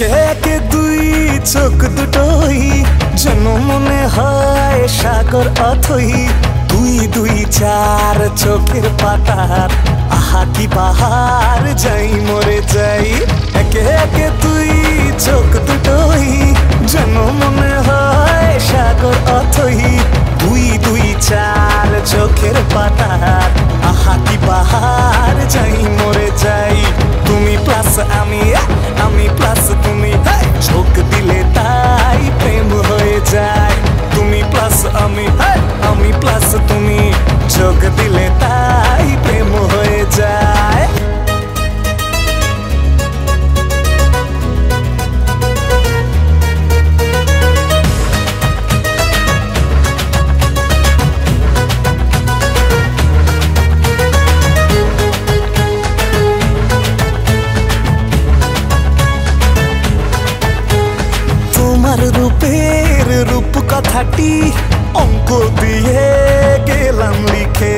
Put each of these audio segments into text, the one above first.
চোখে দুই চোখ দুটোই যেন মনে হয় সাগর অথই দুই দুই চার চোখের পাতার আহা কি বাহার যাই মরে যাই একে একে দুই চোখ দুটোই যেন মনে হয় সাগর অথই দুই দুই চার চোখের পাতার আহা কি বাহার কথাটি অঙ্ক দিয়ে গেলাম লিখে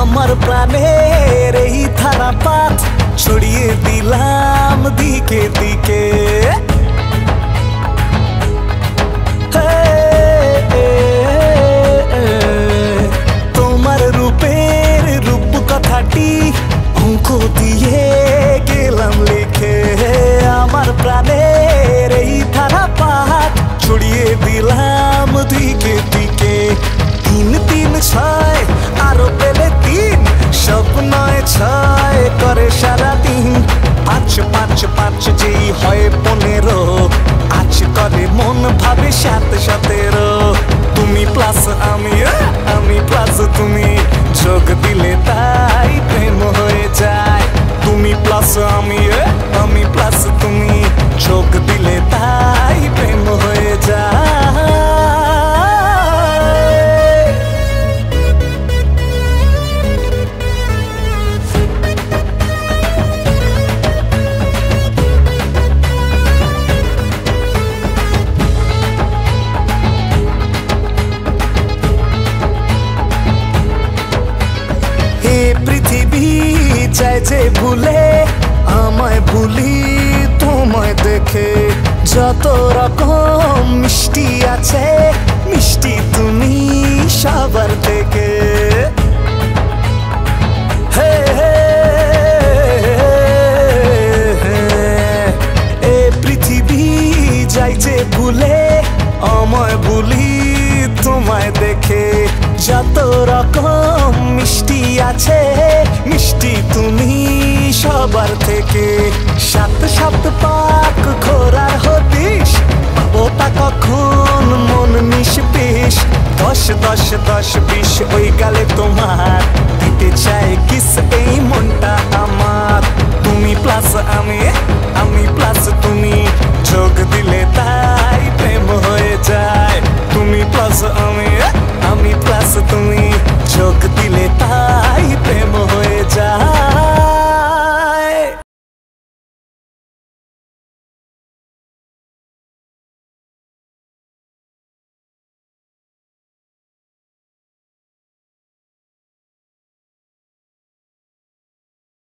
আমার প্রাণের এই ধারাপাত ছড়িয়ে দিলাম দিকে দিকে দিকে দিকে তিন তিন ছয় আরো পেলে তিন সব ছয় করে সারাদিন পাঁচ পাঁচ পাঁচ যেই হয় পনেরো আজ করে মন ভাবে সাত সাতেরো তুমি প্লাস আমি আমি প্লাস তুমি যোগ দিলে তা যে ভুলে আমায় ভুলি তোমায় দেখে যত রকম মিষ্টি আছে মিষ্টি তুমি সবার থেকে এ পৃথিবী যাইছে ভুলে আমায় ভুলি তোমায় দেখে যত রকম মিষ্টি আছে মিষ্টি তুমি সবার থেকে সাত সাত পাক ঘোরার হতিস ওটা কখন মন নিষ্পেশ দশ দশ দশ Bazı an